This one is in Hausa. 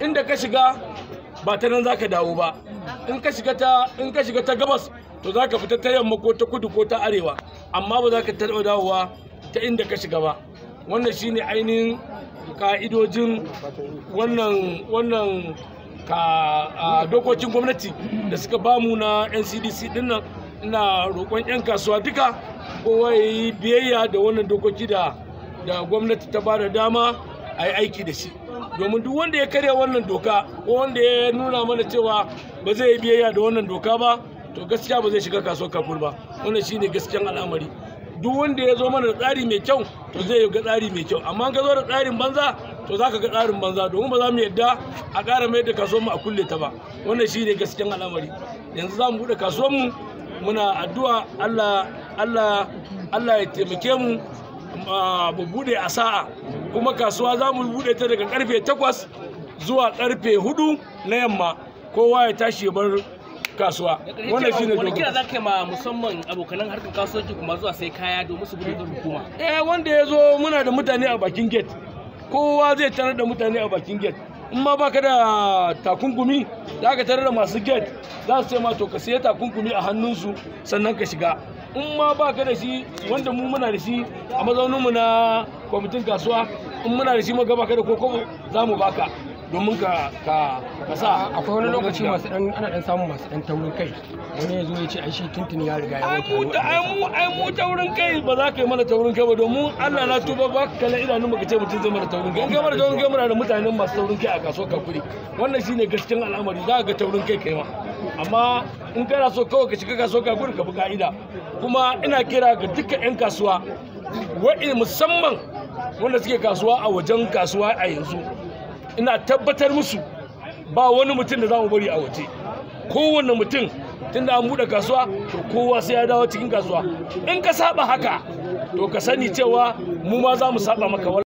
inda ka shiga ba ta nan zaka dawo ba in ka shiga ta gabas to zaka fita ta yamma ko ta kudu ko ta arewa amma ba za ka taɓa dawowa ta inda ka shiga ba wannan shine ainihin ka'idojin wannan wannan ka dokokin gwamnati da suka bamu na ncdc dinnan ina roƙon 'yan kasuwa duka kowa ya yi biyayya da wannan dokoki da gwamnati ta ba da dama a yi aiki da shi domin duk wanda ya karya wannan doka ko wanda ya nuna mana cewa ba zai yi biyayya da wannan doka ba to gaskiya ba zai shiga kasuwar kafur ba wannan shine gaskiyan al'amari duk wanda ya zo mana da tsari mai kyau to zai ga tsari mai kyau amma ka zo da tsarin banza to za ka ga tsarin banza domin ba za mu yadda a ƙara mayar da kasuwar mu a kulle ta ba wannan shine gaskiyan al'amari yanzu za mu buɗe kasuwar mu muna addu'a Allah Allah Allah ya taimake mu mu bude a sa'a kuma kasuwa za mu buɗe ta daga karfe 8 zuwa karfe 4 na yamma kowa ya tashi ya bar kasuwa wannan ne dogon kira ka ma musamman abokanan harkar kasuwanci kuma zuwa sai kaya domin su gudu hukuma eh wanda ya zo muna da mutane a bakin gate kowa zai tarar da mutane a bakin gate in ma baka da takunkumi za ka tarar da masu gate za su ce ma to ka sai takunkumi a hannunsu sannan ka shiga in ma baka da shi wanda mu muna da shi a mazaunin mu na kwamitin kasuwa in muna da shi mu gaba kai da koko za mu baka domin ka ka sa akwai wani lokaci masu dan ana dan samu masu dan taurin kai wani ya zo ya ce ai shi tuntuni ya riga ya wuce ai mu ai mu taurin kai ba za ka yi mana taurin kai ba domin Allah na tuba ba ka na idanun mu ka ce mutum zai mana taurin kai in ga mana taurin kai muna da mutanen masu taurin kai a kasuwa ka kuri wannan shine gaskiyar al'amari za ka ga taurin kai kai ma amma in kana so kawai ka shiga ka kuri ka bi ka'ida kuma ina kira ga dukkan 'yan kasuwa wa'i musamman wanda suke kasuwa a wajen kasuwa a yanzu ina tabbatar musu ba wani mutum da za mu bari a waje kowane mutum tun da an buɗe kasuwa to kowa sai ya dawo cikin kasuwa in ka saba haka to ka sani cewa mu ma za mu saba maka